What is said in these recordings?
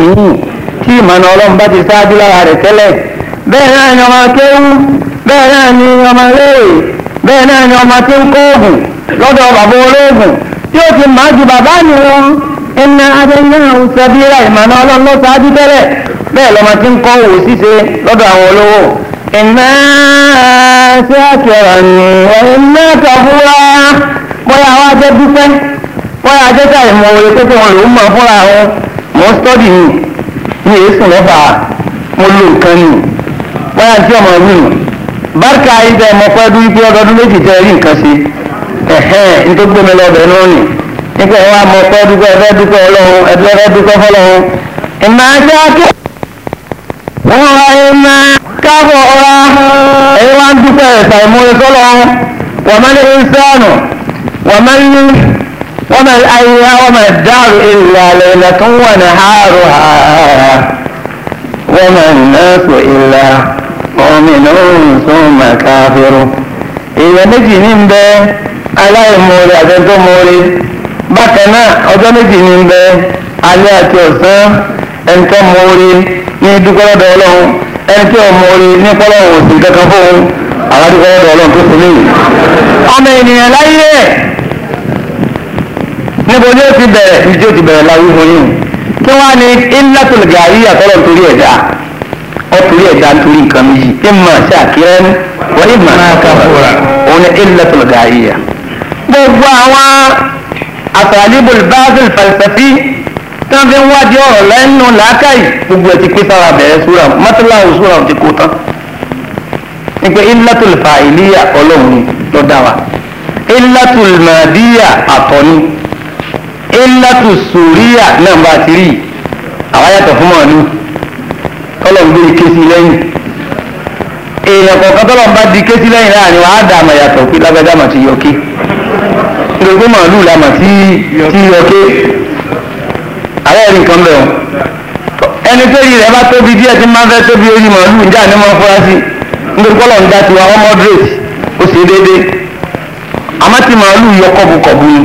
míì tí ìmọ̀nà ọlọ́run bá ti ṣáájú lára rẹ̀ tẹ́lẹ̀ bẹ́ẹ̀ náà ni ọmọ kéwú bẹ́ẹ̀ náà ni ọmọ léèrè bẹ́ẹ̀ náà ni ọmọ tí ń kó oògùn lọ́dọ̀ bàbá olóògùn tí ó ti máa ju bàbá mi wọn ẹnà adẹ́yìnà òṣèbíra ìmọ̀nà ọlọ́run ló ṣáájú tẹ́lẹ̀ bẹ́ẹ̀ lọ́mọ tí ń kọ́ òwò ṣíṣe lọ́dọ̀ àwọn olówó ẹ̀nà ṣé àkẹrọ ni ẹ̀nà kọ̀ọ̀fúnra bóyá wá jẹ́ dúpẹ́ bóyá jẹ́ ká ìmọ̀ òye pé kí wọ́n lòún mọ̀ fúnra wọn mò ń stọ́dì ni mi èé sùn lọ́fà mo lo nǹkan ni wáyà tí ọmọ wí nù bárkà ibẹ̀ mo fẹ́ dúró pé ọdọọdún méjì tẹ́ rí nǹkan ṣe ẹ̀hẹ́n nítorí gbé mi lọ bẹ̀ náà nì nípa ìwà mo fẹ́ dúpẹ́ ẹ̀fẹ́ dúpẹ́ ọlọ́run ẹ̀fẹ́ fẹ́ dúpẹ́ fọlọ́run ìmọ̀ ajá tó wọ́n wá ìmọ̀ káàbọ̀ ọ̀rá ẹ̀yìn wá ń dúpẹ́ ẹ̀sà ìmúre fọlọ́run wàmẹ́lẹ́ ìsánù wàmẹ́lẹ́ وما الأيام وما الدار إلا ليلة ونهارها وما الناس إلا مؤمن ثم كافر إذا نجي نمبى على المولى أجل مولي بكنا أجل نجي نمبى على أتوسا أنت مولي نيدوكرا دولهم أنت مولي نيقولا وسيكا فهم على دوكرا دولهم تسمين أمين يا ليه níbo ni ó ti bẹ̀rẹ̀ ní tí ó ti bẹ̀rẹ̀ láwí fún yín kí wọ́n á ní illatul gàrí àtọ́rọ̀ torí ẹ̀dá ọtúrí ẹ̀dá nítorí nǹkan méjì ìmọ̀ sí àkírẹ́ wọ́n ìmọ̀ àkàfọ́ra òun ni illatul gàrí à. gbogbo àwọn asalibul báàsìl falsafi tí wọ́n fi ń wádìí ọ̀rọ̀ lẹ́nu làákàyè gbogbo ẹ̀ ti pín sára bẹ̀rẹ̀ súra mọ́tíláwò súra ti kó tán nípa illatul fa'iliya ọlọ́run ló wa illatul madiya àtọ̀ ni ilatu suriya namba bá ti rí àwọn yàtọ̀ fún màálù kọ́lọ̀ ń gbé kéésì lẹ́yìn èèyàn kọ̀ọ̀kan tọ́lọ̀ ń bá di kéésì lẹ́yìn láàrin wa á dà àmọ̀ yàtọ̀ pé lágbájá mà ti yọké nítorí màálù la mà ti yọké àwọn ẹ̀rí nǹkan bẹ̀ wọ́n ẹni tó yìí rẹ̀ bá tóbi díẹ̀ tí máa ń fẹ́ tóbi orí màálù ń jà ní mọ́ fúrásì nítorí kọ́lọ̀ dá tiwa ọmọdé ó sì déédéé àmọ́ ti màálù yọ kọ́bùkọ̀bù ni.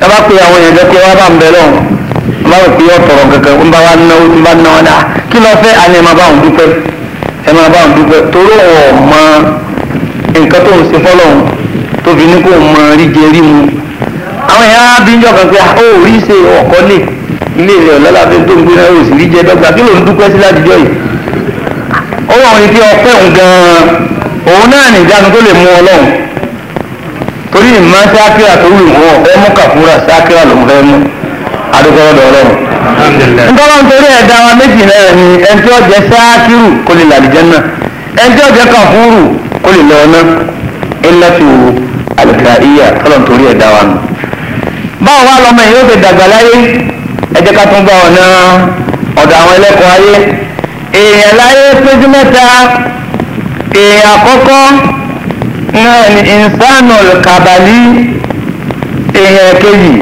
ẹ bá pe àwọn èèyàn jẹ pé wọn bá ń bẹ lọ́hùn wọn bá rò pé wọn tọrọ kankan ń bá wa náwó tí ń bá náwó náà kí lọ fẹ́ àní ẹ máa bá òun dúpẹ́ ẹ máa bá òun dúpẹ́ torí ọ̀ mọ nǹkan tó ń ṣe fọ́lọ́hùn tó fi ní kó mọ ríje rí mu àwọn èèyàn á bí ń jọ kan pé ah, ó rí ṣe ọ̀kọ́ lè ilé rẹ̀ ọ̀lọ́lá fi tó ń gbé náà òsì ríje dọ́gba kí ló ń dúpẹ́ sí láti yìí ó wà wọn ni pé ọpẹ́ òun gan-an òun náà nìjánu sì má sákìrà tó wù wọ́n ọ̀fẹ́ mú kàfúrà sákìrà ló ń fẹ́ mú adúgbò lọ́rọ̀ ntọ́lá nítorí ẹ̀dá wa méjì náà ni ẹni tí ó jẹ sákìrù kó lè làlìjẹ́ náà ẹni tí ó jẹ kàfúrù kó lè lọ náà ilẹ̀ tó àlùkà ìyà tọ́lọ̀ nítorí ẹ̀dá wa nù. báwo wá lọmọ yìí ó ti dàgbà láyé ẹ ká tún gba ọ̀nà ọ̀dọ̀ àwọn ẹlẹ́kọ̀ọ́ ayé èèyàn láyé péjú mẹ́ta èèyàn àkọ́kọ́ náà ni insanul kabali èèyàn kejì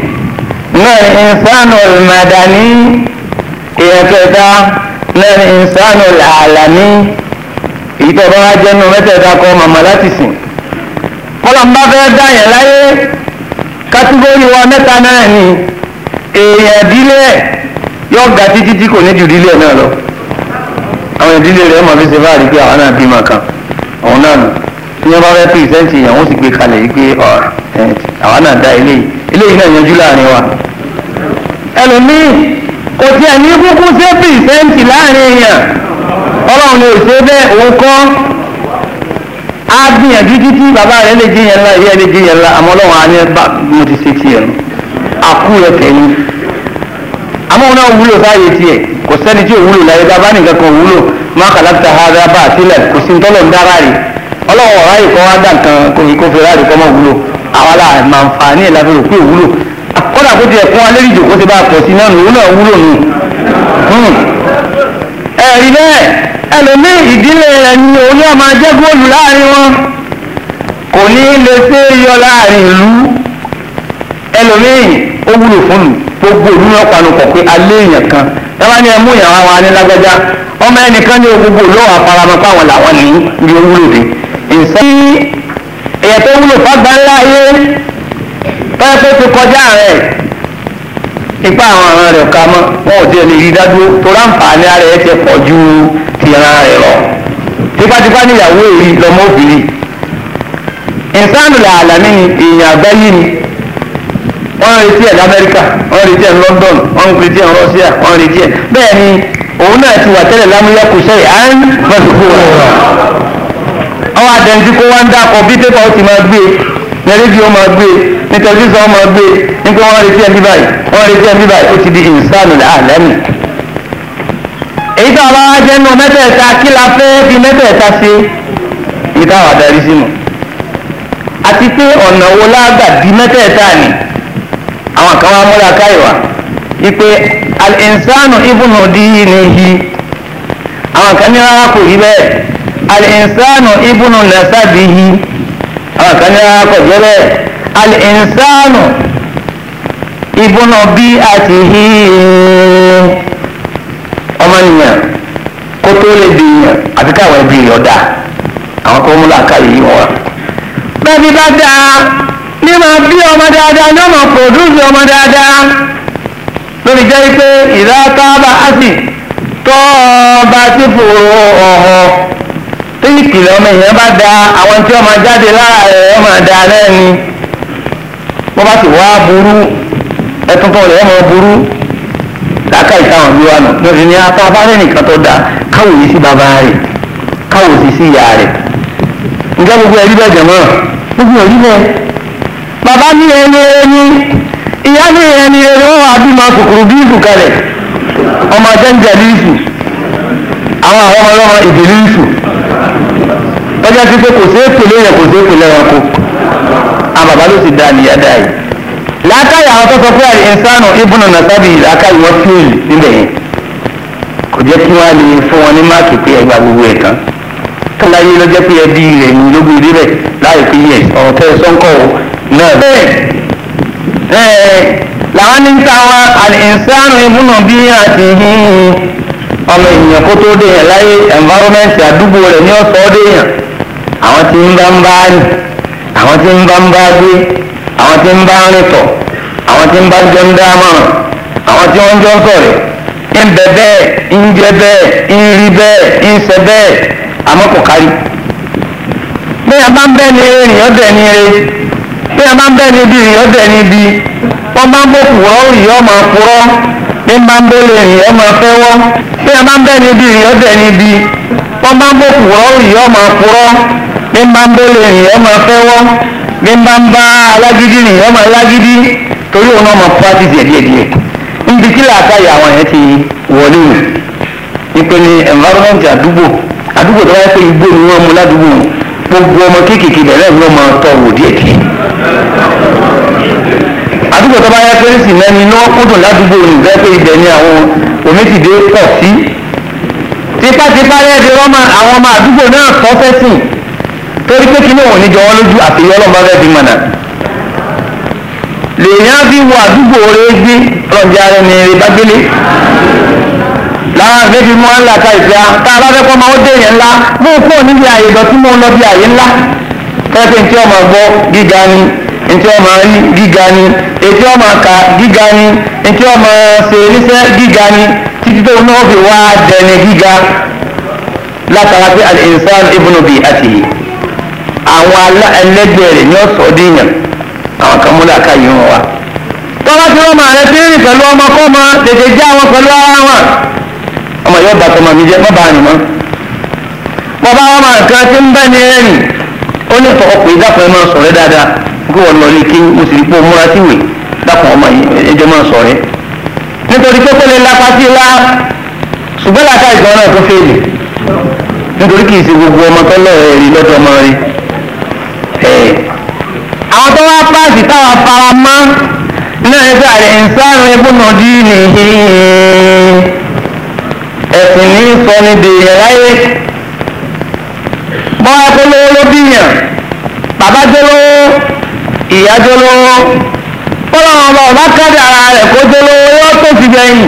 náà ni insanul madani èèyàn kẹta náà ni insanul alami èyí tó bá wá jẹ́nu mẹ́tẹ̀ẹ̀ta kọ màmá láti sìn kọlọ̀mbá fẹ́ dáyẹ̀ láyé kátígórì wa mẹ́ta náà ni èèyàn ìdílé yóò ga títí tí kò ní ju ìdílé náà lọ àwọn ìdílé rẹ̀ mọ̀ fi ṣe fáàrí pé àwọn náà bímọ kan àwọn náà nù tí wọ́n bá fẹ́ pìrìsẹ́ǹtì yẹn wọ́n sì gbé kalẹ̀ yìí pé àwa náà dá eléyìí eléyìí náà yanjú láàrin wa. ẹlòmíì kò tiẹ̀ ní kúkú ṣe pìrìsẹ́ǹtì láàrin èèyàn ọlọ́run lè ṣe bẹ́ẹ̀ òun kọ́ á gbìyànjú títí bàbá rẹ̀ lè jiyàn ńlá ìyá lè jiyàn ńlá àmọ́ ọlọ́run á ní mo ti ṣe tiẹ̀ nù àkú rẹ̀ tẹ̀yìn àmọ́ òun náà wúlò sáàyè tiẹ̀ kò sẹ́ni tí ò wúlò láyé bàbá nìkan kan wúlò má kàlá ọlọ́wọ́ ọ̀rá yìí kọ́ wá dà nǹkan kò fi ráàlì kọ́ mọ̀ wúlò àwọn aláàmì máa ń fa ní ìlànà òkú ìwúlò kódà kó tiẹ̀ fún wa lérí ìjòkó ti bá pọ̀ sí náà nìyí náà wúlò nù. Hmm. ẹ̀rí bẹ́ẹ̀ ẹlòmíì ìdílé rẹ̀ ni òun náà máa jẹ́ góòlù láàrin wọn kò ní lè ṣe é yọ láàrin ìlú ẹlòmíì ó wúlò fún mi gbogbo ìlú náà panupọ̀ pé alẹ́ èèyàn kan tábà ní ẹmú ìyàwó àwọn anilágbájá ọmọ ẹnìkan ní gbogbo ìlú àwọn afáramọ́ làwọn ní ní owúlò dé ìsọ́n èyàn tó wúlò fágbá ńlá ayé tọ́lá tó ti kọjá rẹ̀ ipa àwọn ọ̀ràn rẹ̀ ká mọ́ wọn ò tiẹ̀ lè rí dájú tó ráǹfààní ara ẹ̀ ti pọ̀ ju tìran rẹ̀ lọ tipátipá níyàwó èyí lọmọ obìnrin ìsánù làálàmì èèyàn àgbáyé ni wọ́n retí ẹ̀ lamẹ́ríkà wọ́n retí ẹ̀ ní London wọ́n retí ẹ̀ ní Russia wọ́n retí ẹ̀ bẹ́ẹ̀ ni òun náà ti wà tẹ́lẹ̀ lámúyá kò sẹ́yìn à ń fẹsùkú rẹ̀ ọwọ́ àtẹnudí kó wá ń dàpọ̀ bí pépà ó ti máa gbé ní rédíò máa gbé ní tẹlifíṣàn máa gbé ní pé wọ́n retí ẹbí báyìí wọ́n retí ẹbí báyìí ó ti di ìsánù àlẹ́mì. èyí tó àwọn ajẹ́nu mẹ́tẹ̀ẹ̀ta kí la fẹ́ fi mẹ́tẹ̀ẹ̀ta ṣe ibi táwọn adarí sínú. àti pé ọ̀nà wo lágbà di mẹ́tẹ̀ẹ̀ta ni àwọn kan wá múra káyọ̀ wá ipe al-insanu ibùnú dí ní hi àwọn kan ní rárá kò rí bẹ́ẹ̀ alìsánù ibùnú lẹ́sàbíyí àwọn kan ní akọ̀jẹ́ bẹ́ẹ̀ alìsánù ibùnú bí àti hí ọmọnìyàn kó tó lè di èèyàn àti káwọn ẹbí rẹ̀ ọ̀dà àwọn kan múlá káyé yìí wọn. bẹ́ẹ̀ bá dáa ní máa bí ọmọ dáadáa ní ọmọ pòdúùsì ọmọ dáadáa lórí jẹ́ pé ìdá tí ìkìlọ̀ ọmọ èèyàn bá da àwọn tí ọmọ jáde lára rẹ̀ ẹ̀ máa da náà ni bó bá sì wá burú ẹtúntọ́ rẹ̀ ẹ̀ máa burú ìtàwọn bí wa nù mo ní apá abáyé nìkan tó da káwòye sí bàbá rẹ̀ káwòye sí ìyá rẹ̀ ǹjẹ́ gbogbo ẹ̀rí bẹ́ẹ̀ jẹ̀mọ́ gbogbo ẹ̀rí bẹ́ẹ̀ bàbá ní ẹni ẹni ìyá ní ẹni ẹni wọn wà bímọ kòkòrò bíìsù kalẹ̀ ọmọ jẹ́ńjẹ́ bíìsù àwọn àwọn ọlọ́mọ tọ́jà sí pé kò sí èpèlé yẹn kò sí èpèlé yẹn kò àwọn bàbá ló sì dá nìyá dá yìí látàrí àwọn tó sọ pé àlè ìsánù ìbùnà nàṣàbì látàrí wọn fíìlì níbẹ̀ yẹn kò jẹ́ kí wọ́n á lè fún wọn ní máàkì pé ẹgbà gbogbo ẹ̀ tán tọ́láyé ló jẹ́ pé ẹbí rẹ̀ ní lógún ilé rẹ̀ láì fi yẹ ọ̀rọ̀ tẹ́ ẹ sọ́ńkọ̀ o náà bẹ́ẹ̀ bẹ́ẹ̀ làwọn ní táwọn àlè ìsánù ìbùnà bí àti ọmọ ènìyàn kó tó dé yẹn láyé environment àdúgbò rẹ̀ ní ọ̀sọ́ dé yẹn àwọn ti ń bá ń bá rìn àwọn tí ń bá ń bá gbé àwọn tí ń bá ń rìn tọ̀ àwọn ń bá jọ ń àwọn tí wọ́n jọ ń ń bẹ bẹ́ẹ̀ ń jẹ bẹ́ẹ̀ ń rí bẹ́ẹ̀ ń sẹ bẹ́ẹ̀ àmọ́ kò kárí. bí a bá ń bẹ́ẹ̀ ni bẹ́ẹ̀ ni bí a bá ń bẹ́ẹ̀ ni ibi bẹ́ẹ̀ ni ibi wọ́n bí n bá ń bẹ́lẹ̀ èèyàn máa fẹ́ wọ́ bí n bá ń bá alágídí nìyẹn máa lágídí torí òun náà máa pàtì díẹ̀díẹ̀díẹ̀ níbi tí làákàyè àwọn yẹn ti wọlé rẹ̀ ìpè ní environment àdúgbò àdúgbò tó wáyé pé igbó ni wọ́n mú ládùúgbò gbogbo ọmọ kéékèèké bẹ̀rẹ̀ ni wọ́n máa tọ̀ wò díẹ̀díẹ̀ àdúgbò tó bá yá pé sì náà ni iná kúndùn ládùúgbò ní bẹ́ẹ̀ pé ibẹ̀ ni àwọn omítìdé pọ̀ sí tipátipá yẹn ti rọ́mọ àwọn ọmọ àdúgbò náà tọ́ fẹ́ sìn torí pé kíní òun ní jọ wọn lójú àti ìyá ọlọ́mọ rẹ̀ bí mọ̀nà lèèyàn fi wọ àdúgbò rẹ̀ gbé ọ̀njẹ́ ara ẹni rẹ̀ bá gbélé lára àgbẹ̀ fi mú àńlá ka ìfẹ́ tá a bá fẹ́ kọ́ ọmọ ó dé yẹn ńlá mú kúrò níbi àyè ìdọ̀tí mú un lọ bí àyè ńlá pẹ́ẹ́pẹ́ ntí ọmọ gbọ́ gíga ni ntí ọmọ rí gíga ni etí ọmọ kà gíga ni ntí ọmọ ṣe níṣẹ́ gíga ni títí tó náà fi wá dẹni gíga látara pé al-insan ibnu bi'atihi. àwọn ala rẹ̀ ní ọ̀sọ̀ díyàn àwọn kan múlẹ̀ àká yìí wọn wa. tọ́lá tí wọ́n máa rẹ fi rìn pẹ̀lú ọmọ tètè já wọn pẹ̀lú ara wọn. ọmọ yóò bàtọ́ màmí jẹ́ bàbá àná mọ́. mo bá wọn máa kan tí ń bẹ́ ní ó ní pé ẹ máa sọ̀rẹ́ dáadáa kí wọ́n lọ mo sì rí pé o múra sí ìwé dákun ọmọ ẹjọ́ máa sọ̀rẹ́. nítorí pé lápá sí àwọn tó wá páàsì táwọn fara mọ́ náà nígbà rẹ̀ ń sáré dí nìyí ẹ̀sìn ní sọni dèèyàn láyé bọ́lá tó ló bíyàn bàbá tó ìyá tó lówó bá ọba kárí ara rẹ̀ kó tó yóò tó fi gbẹ̀yìn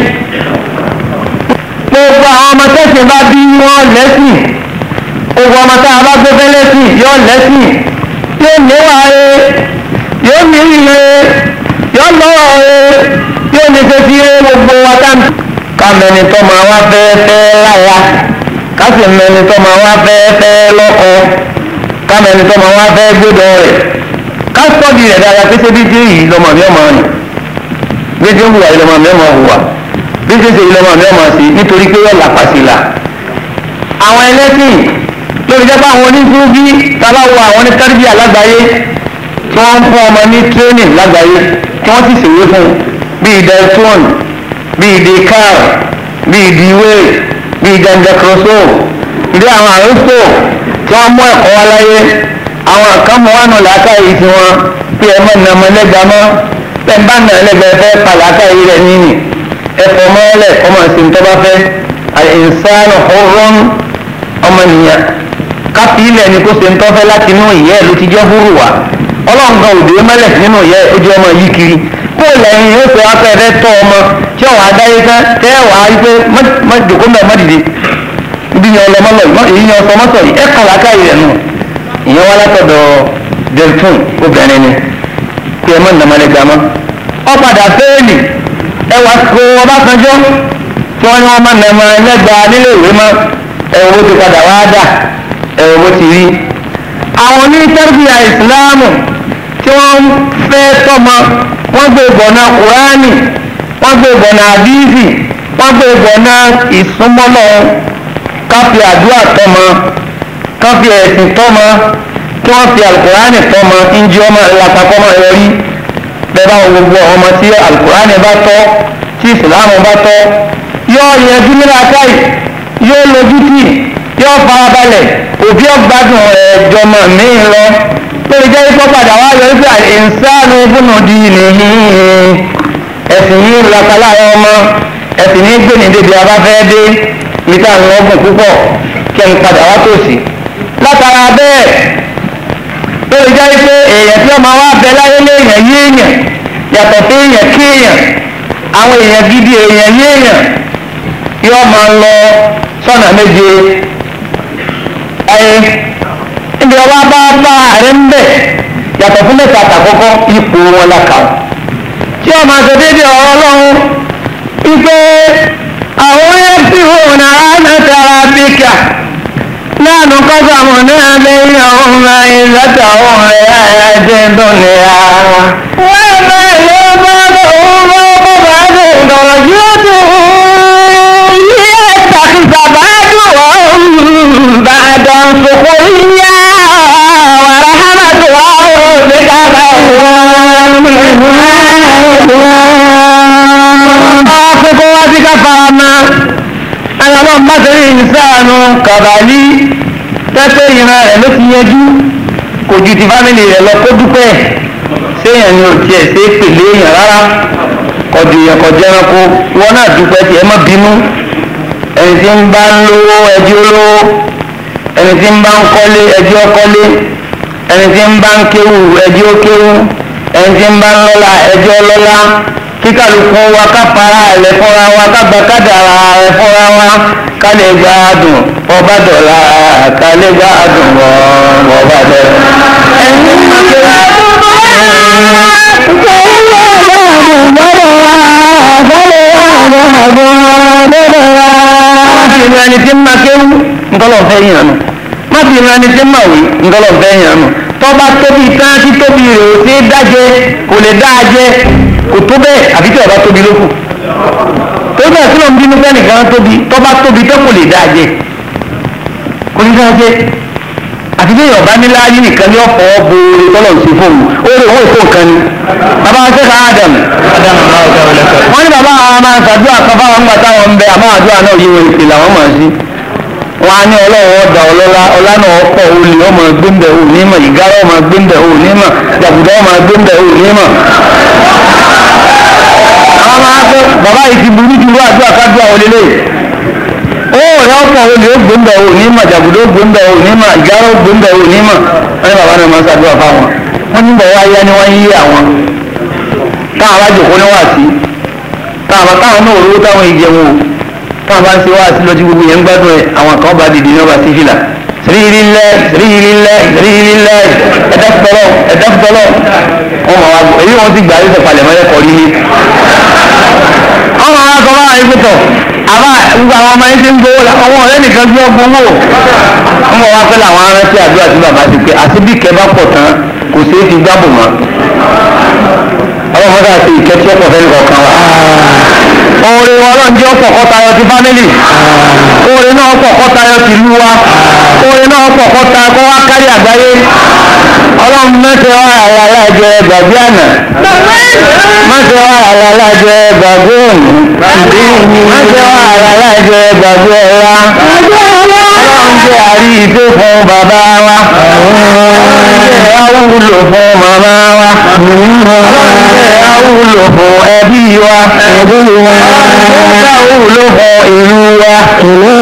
gbogbo àwọn ọmọ tẹ̀sìn bá bí wọn lẹ́sìn gbogbo ọmọ tá bá gbé lẹ́sìn yóò lẹ́sìn yóò níwà ẹ yóò ní ilé yóò lọ́wọ́ ẹ yóò ní ṣe fi gbogbo wa tán. kámẹ́ni tó máa wá fẹ́ẹ́fẹ́ láya kásì mẹ́ni tó máa wá fẹ́ẹ́fẹ́ lọ́kọ kámẹ́ni tó máa wá fẹ́ẹ́ gbọ́dọ̀ rẹ̀ kásìtọ́dì rẹ̀ dára pété bí dé yìí lọ́mọ mi ọmọ rìn bí dé hùwà yìí lọ́mọ mi ọmọ hùwà bí dé ṣe lọ́mọ mi ọmọ sí nítorí pé yọ̀ làpàṣìlà àwọn ẹlẹ́sìn lórí jẹ́pọ̀ àwọn oníṣúbí tábàwọ̀ àwọn onítẹ́rìbíà lágbàáyé tí wọ́n ń fún ọmọ ní training lágbàáyé tí wọ́n sì ṣèwé fún bíi delton bíi dekar bíi dewey bíi dandekroso ilé àwọn àrùsọ tí wọ́n mú ẹ̀kọ́ wá láyé àwọn àkàmọ́ wà nù làákàyè tiwọn pé ẹ mọ̀ nà mọ́ lẹ́gbàmọ́ pẹ̀mbá nà lẹ́gbẹ̀ẹ́ fẹ́ pàlàkà yìí rẹ̀ níní ẹ̀fọ́ mọ́lẹ̀ ọmọ ìsìn tó bá fẹ́ àìsàn ọ̀rọ̀ ọmọnìyàn káfí ilẹ̀ ni kó ṣe ń tọ́fẹ́ láti inú ìyẹ́ ẹ̀ ló ti jẹ́ húrù wá ọlọ́run kan òdòdó mẹ́lẹ̀ nínú ìyẹ́ ẹ̀ ó jẹ́ ọmọ yìí kiri kó lẹ́yìn yóò fẹ́ afẹ́ rẹ tọ́ ọmọ tí ọ̀wá adáyé tán tẹ́ wàá rí pé mọ́jòkó mẹ́ mọ́dìde bí yan ọlọmọ lọ yìí ni? ọsọ mọ́tọ̀ yìí ẹ̀ kàn lákàyè rẹ̀ nù ìyẹn wá látọ̀dọ̀ delphine obìnrin ni kí ẹ mọ̀ nàmọ́lẹ́gbàmọ́ ọ padà fẹ́ẹ́lì ẹwà kó ọbásanjọ́ tí wọ́n ní wọ́n mọ̀ nàmọ́lẹ́gbà nílé ìwé mọ́ ẹ̀wọ̀n ti padà wá dà ẹ̀rọ bó ti rí àwọn onítẹ́rìbíà ìsìláàmù tí wọ́n fẹ́ tọ́mọ wọ́n gbé bọ̀nà kùránì wọ́n gbé bọ̀nà àdíìsì wọ́n gbé bọ̀nà ìsúnmọ́lọ́ ká fi àdúrà tọ́mọ ká fi ẹ̀sìn tọ́mọ kí wọ́n fi alukurani tọ́mọ ìjì ọmọ ìlàpapọ̀mọ rẹ rí bẹ́ẹ̀ báwọn gbogbo ọmọ tí alukurani bá tọ́ tí ìsìláàmù bá tọ́ yóò yẹ júmílà káì yóò lójú tì yọ farabalẹ̀ òbí ọgbàdùn ẹ̀jọ̀mọ̀ mi lọ lórí jẹ́ ipò padà wá yọrí pé àìsàn ìbùnú di nìyí ẹ̀sìn yìí ń lọ́ta láàárọ̀ ọmọ ẹ̀sìn ní gbèní débi abáfẹ́ dé ìta ìlọ́gùn púpọ̀ kí ẹni padà wá tòsí látara bẹ́ẹ̀ lórí jẹ́ pé èèyàn tí ọmọ wa bẹ láyé léèyàn yé èèyàn yàtọ̀ sí èèyàn kí àwọn èèyàn gidi èèyàn yé èèyàn yọ máa lọ sọ́nà méje ẹ níbi ọba bá bá rẹ ń bẹ yàtọ̀ fún mẹ́ta àtàkọ́kọ́ ipò wọn la tí ọmọ àtẹ̀dẹ́dẹ́ ọ̀rọ̀ ọlọ́run ipe àwọn ẹ̀sìn òun náà á náà tẹ̀ra bíkà láàánú kọ́sàmù náà lẹ́yìn ọ̀hún máa ń láti àwọn ọ̀rẹ́ àyájẹ́ dọ́lẹ̀ ara. wọ́n bá ìlú bá bọ̀ wọ́n bá bọ̀ bá dé yóò tó بعد سخريا ورحمة ربك خير قوتك فرما أنا لما إنسان قبلي tẹ́tẹ́ ìran rẹ̀ ló fi yanjú kò ju ti fámìlì rẹ̀ ni ò tiẹ̀ ṣe é pèlè èèyàn rárá kọjú èèyàn kọjú ẹranko wọn náà dúpẹ́ tiẹ̀ mọ́ bínú ẹni tí ń bá ń lówó ẹjú olówó ẹni tí ń bá ń kọ́lé ẹjọ́ kọ́lé ẹni tí ń bá ń kéwù ẹjọ́ kéwù ẹni tí ń bá ń lọ́lá ẹjọ́ lọ́lá kíkàlùkù wa ká para rẹ̀ fọ́ra wa ká gba kádàrá rẹ̀ fọ́ra wa ká lè gbádùn ọba dọ̀la ká lè gbádùn ọba dọ̀la. ẹ̀yin ń ṣe ọ̀rọ̀ ẹni tí ń ma kéwù ntọ́lọ̀ fẹ́ yàn nù má fi ran ẹni tí ń mọ̀wé ntọ́lọ̀ fẹ́ yàn nù tọ́ba tóbi tán tí tóbi rè ó ti dájẹ kò lè dájẹ kò tó bẹ́ẹ̀ àfi tí ọba tóbi ló kù torí bẹ́ẹ̀ sílọ̀ ń bínú fẹ́ nìkan tóbi tọ́ba tóbi tán kò lè dájẹ kò lè dájẹ àti bí èèyàn nílá yín nìkan ní ọ̀pọ̀ boore tọ́lọ̀ fóònù ó lè wọ́n èso nǹkan ni bàbá wa ṣẹ́ka Adam wọ́n ní bàbá wa máa ń ṣàdúrà kan fáwọn ń gbà táwọn ń bẹ àmọ́ àdúrà náà yí ìpè làwọn máa ń ṣe wọn á ní ọlọ́wọ́ ọ̀dà ọlọ́lá ọlánà ọ̀pọ̀ olè ọmọ gbẹ́ndẹ̀ ò ní mọ̀ ìgárá ọmọ gbẹ́ndẹ̀ ò ní mọ̀ jàgùdà ọmọ gbẹ́ndẹ̀ ò ní mọ̀. àwọn máa fẹ́ bàbá yìí ti burú ju wájú àkájú àwọn olè lẹ́yìn ó rẹ ọ̀pọ̀ olè ó gbẹ́ndẹ̀ ò ní mọ̀ jàgùdà ó gbẹ́ndẹ̀ ò ní mọ̀ ìgárá ó gbẹ́ndẹ̀ ò ní ní bàbá náà máa ń fáwọn wọ́n ní bọ̀ wáyá ni wọ́n yí àwọn táwọn alájòkó níwáàsí táwọn táwọn náà olówó táwọn ìjẹun táwọn bá ń ṣe wáàsí lọ́jú gbogbo yẹn ń gbádùn ẹ̀ àwọn kan bá dìde ní ọba sí fìlà rírílẹ̀ rírílẹ̀ rírílẹ̀ ẹ̀dáfẹ́lọ́ ẹ̀dáfẹ́lọ́ wọn máa wá gbọ́ èyí wọn ti gbà yóò sọ̀palẹ̀ mọ́ ẹ̀kọ́ rí ni. wọn máa wá sọ báwa yìí pẹ̀tọ̀ àbá gbogbo àwọn ọmọ yìí ti ń gbowó làwọn ọ̀rẹ́ nìkan gbé ọgbọ́n wò. wọn máa wá pẹ́ làwọn aránsẹ́ àdúrà tí bàbá ti pé àti bí ìkẹ́ bá pọ̀ tán kò ṣeé fi gbábò mọ́. ọlọ́mọdé àti ìkẹ́ ọ̀pọ̀ fẹ́ẹ́ oore ọlọ́run jẹ́ ọ̀pọ̀kọ́ tayọ ti fámìlì oore náà ọ̀pọ̀kọ́ tayọ ti ìlú wa oore náà ọ̀pọ̀kọ́ ta kọ́ wá kárí àgbáyé ọlọ́run mẹ́tẹ̀ wá àyàlá jẹ gbàgbé àná mẹ́tẹ̀ wá àyàlá jẹ gbàgbé òní mẹ́tẹ̀ wá àyàlá jẹ gbàgbé ọ̀la jẹ́ àrí ìdó fún bàbá wa ọlọ́run àwúlò fún màmá wa ọlọ́run àwúlò fún ẹbí wa ẹbí àwúlò fún ìlú wa ìlú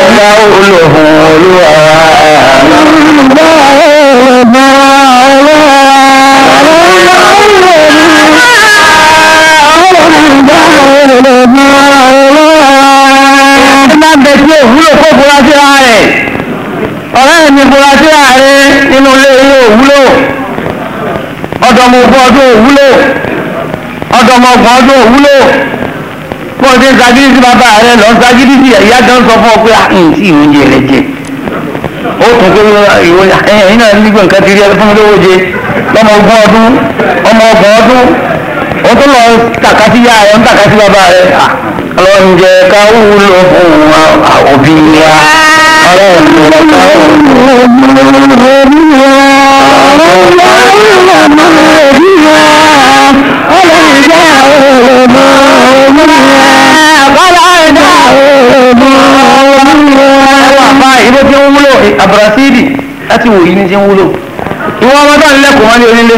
àwúlò fún olúwa wa. ọdọmọgbọ ọdún òwúlò ọdọmọgbọ ọdún òwúlò kó o ti sí bàbá rẹ lọ ọ pé àhìn ah, sí rẹ jẹ ó tún pé náà nígbà nǹkan ti rí ẹ fún olówó jẹ ọdún ọmọ ọdún ó tún lọ tàka sí yá rẹ ń tàka sí bàbá rẹ ọlọ́njẹ ah, ká wúlò fún òbí ya ọlọ́njẹ abrasidi láti wòye ní ṣe ń wúlò ìwọ ọmọ tó ń lẹkùn wọn ní onílé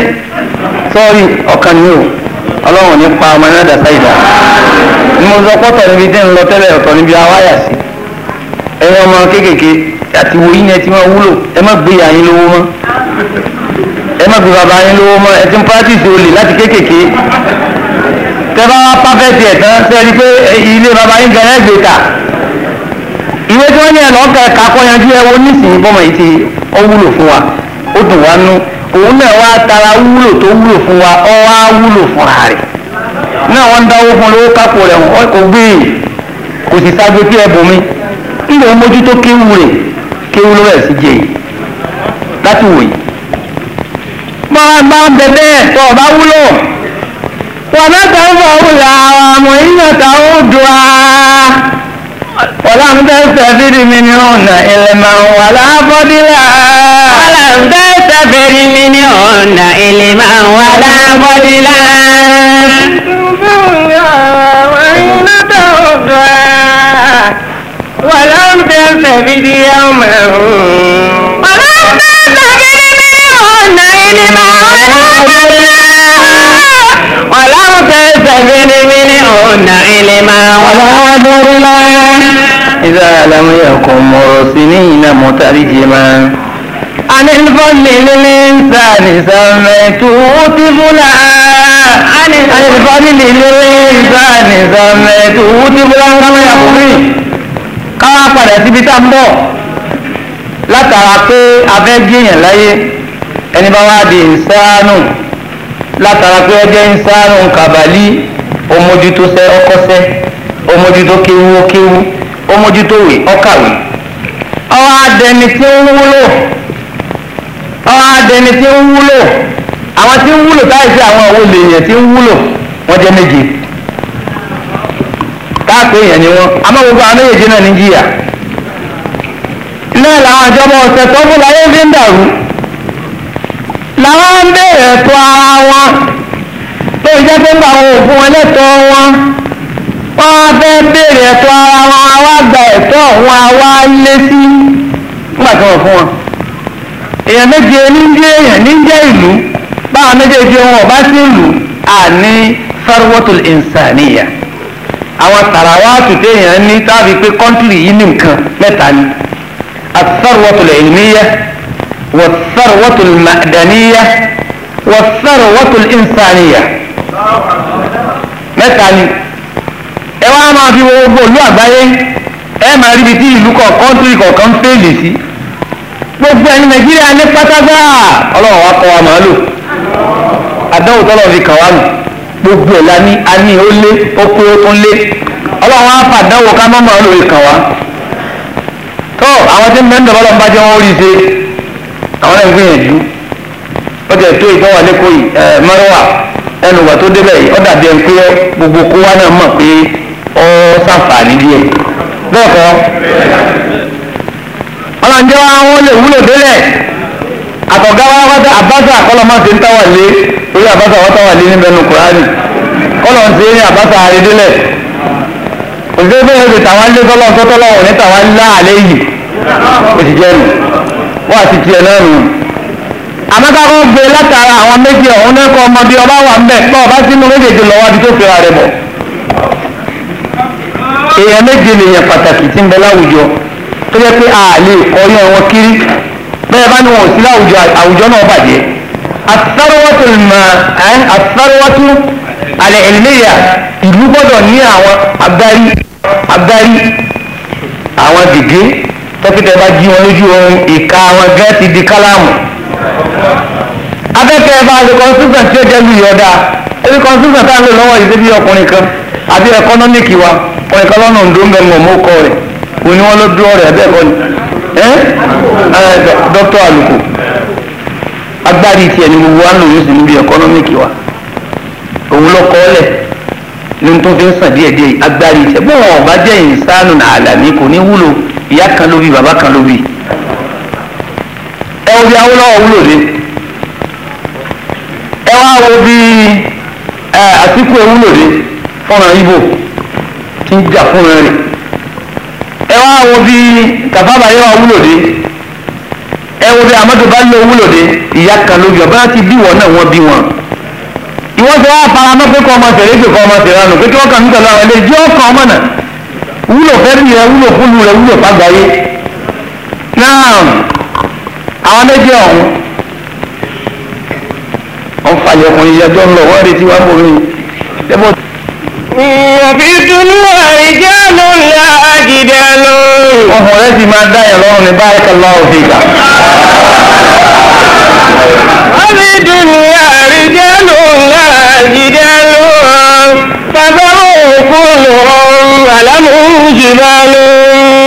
sọrí ọkàn ni o Ọlọ́run ní pa ọmọ náà dàtà ìdá ni mo sọ pọtọ níbi tí ń lọ tẹ́lẹ̀ ọ̀tọ̀ níbi awáyà sí ẹ̀yin ọmọ kéékèèké àti wòyí ni ẹ ti máa wúlò ẹ má gbé yàyín lówó mọ́ ẹ má gbé bàbá yín lówó mọ́ ẹ ti ń pàtìsì olè láti kéékèèké tẹ pàfẹ́tì ẹ̀ tán tẹ ẹni pé ilé bàbá yín gan ẹ̀ gbé ta ìwé tí wọ́n ní ẹ̀ lọ́kẹ́ kakọ́ wa ó dùn wá nú òun náà wá tara wúlò tó wúlò fún wa ọ wá wúlò náà wọ́n ń dáwó fún lówó nígbà mójútó kéwu rẹ̀ kéwu ló rẹ̀ sí jẹ́ yìí láti wò yìí. máa bá bẹ̀bẹ̀ tó o bá wúlò wàdà tó ń bọ̀ wúlò àwọn àmọ̀ ìyàn tó ń dùn á. ولم تستفد منهن علما ولا فضلا ولم تستفد منهن علما ولا فضلا وإن تهدى ولم تلتفت يوما ولم تلتفت منهن إلما ولم تلتفت منهن ولا درلا إذا لم يكن مرسلين مترجما عن الفضل للإنسان سميته طفلا عن الفضل للإنسان سميته طفلا كما يقولون káwá padà síbi tá ń bọ̀ látara pé afẹ́ jíyàn láyé ẹni bá wá di ìsánù látara pé ọjọ́ ìsánù kàbálí ọmọdútó sẹ ọkọsẹ ọmọdútó kéwu kéwu ọmọdútó wè ọkàwé ọwọ́ adẹni tí ń wúlò ọwọ́ adẹni tí ń wúlò àwọn tí ń wúlò táyì sí àwọn òwò lèèyàn tí ń wúlò wọ́n jẹ́ méje táàpé yẹn ni wọn àmọ́ gbogbo àwọn méjèèjì náà ní jìyà náà làwọn àjọmọ ọ̀sẹ̀ tó fún láyé fi ń dàrú làwọn ń bèèrè ẹ̀tọ́ ara wọn tó jẹ́ pé ń bá wọn òfin wọn lẹ́tọ̀ọ́ wọn wọ́n á fẹ́ bèèrè ẹ̀tọ́ ara wọn àwa gba ẹ̀tọ́ wọn àwa lé sí nígbà tí wọ́n fún wọn èèyàn méje ní èèyàn ní ìlú báwọn méjèèjì wọn ọba sí ìlú àní farwatul insaniya àwọn tàràwáàtù téèyàn ní táàbí pé kọ́ńtìrì yìí ní nǹkan mẹ́ta ni asarwatul ilmiya wasarwatul madaniya wasarwatul insaniya mẹ́ta ni ẹ wá máa fi gbogbo ìlú àgbáyé ẹ máa ríbi tí ìlú kọ̀ kọ́ńtìrì kọ̀ọ̀kan fèèlì sí gbogbo ẹni nàìjíríà ní pátágbá ọlọ́run wa kọ́ wa màálù àdánwò tọ́lọ́ fi kàn wá nù. gbogbo ẹ̀ la ní a ní ó lé ó pé ó lé ọlọ́run á fàdánwò ká mọ́mọ́ ọ lóye wá tó àwọn tí ń bẹ́ẹ̀ ń dọ̀bọ́ lọ́nba jẹ́ wọ́n rí ṣe àwọn náà ń gbìyànjú ó jẹ́ tó lẹ́kọ̀ọ́ yìí ẹnu tó débẹ̀ yìí ó dàbí pé gbogbo kó wá náà mọ̀ pé ó díẹ̀ bẹ́ẹ̀ kọ́ wọ́n lè wúlò délẹ̀ àtọ̀gá wa wá torí àbáta wọ́tá wà lílé bẹnu kùránì kọ́lọ̀ ń ti ní àbáta àrídílẹ̀ òṣìṣẹ́ bẹ́ẹ̀ ṣe tàwọn ilé tọ́lọ́ tọ́tọ́lọ́ òní tàwọn ńlá àlẹ́ yìí òṣìṣẹ́ nù wọ́n àti tiẹ̀ náà nù. àmọ́ká kọ́ gbé látara àwọn méjì ọ̀hún náà kọ́ ọmọdé ọba wà ń bẹ̀ ọba sínú méjèèjì lọ́wọ́ àti tó fira rẹ̀ bọ̀. èèyàn méje lèèyàn pàtàkì ti ń bẹ láwùjọ tó yẹ pé àlè wọn kiri bẹ́ẹ̀ bá àtàrọ̀wọ́tò ìmọ̀ àtàrọ̀wọ́tò alẹ́ ẹ̀lẹ́yà ìlú gbọ́dọ̀ ní àwọn adarí adarí àwọn gègé tọ́kítà bá jí wọn lójú ohun ìka wọn gẹ́ ti di kálámù. abẹ́kẹ́ bá a ṣe constitution tí ó jẹ́ lu ìyọ̀dá ebi constitution tá a lò lọ́wọ́ yìí débi ọkùnrin kan àbí economic wa ọkùnrin kan lọ́nà òǹdó ń bẹ mọ̀ mọ́ kọ rẹ̀ òní wọn ló dúró rẹ̀ bẹ́ẹ̀ kọ́ ni. dókítà àlùkò agbárí tiẹ̀ ni gbogbo wa ń lò yóò sì níbi ẹ̀kọ́nọ́mìkì wa òun lọ kọ́ lẹ̀ ló ń tó fi ń sàn díẹ̀ díẹ̀ agbárí tiẹ̀ bọ́n wọn ọba jẹ́ ìsánù àlàmì kò ní wúlò ìyá kan ló bí bàbá kan ló bí ẹ wo bí Awólọ́wọ̀ wúlò dé ẹ wá wo bí Àtíkù ewúlò dé fọ́nrán Ìgbò tí ń jà fúnra rẹ̀ ẹ wá wo bí Tafawa Balewa wúlò dé ẹ wo bí amadu bá lé owó lòdì ìyá kan lójú ọba ti bí wọn náà wọn bí wọn ìwọ ti wá fara mọ́ pé kọ ọmọ tẹlẹ pé kọ ọmọ tẹlẹ nù pé kí wọn kàn ń tẹlẹ àwọn ẹlẹ jẹ ọkàn ọmọ náà wúlò fẹbi rẹ wúlò fúnnu rẹ wúlò fàgbáyé náà àwọn méjì ọ̀hún wọn fàyè ọkùnrin yẹjọ ń lọ wọn retí wọn bò mí lẹbọ. ìyàfi dúró ìjà ló ń la àjìdá lọ. ọkùnrin rẹ ti máa dá yẹn lọ́rùn ní báyìí kan lọ́wọ́ fi gbà. وبالدنيا رجال لا جدال فذروا كلهم ولهم جبال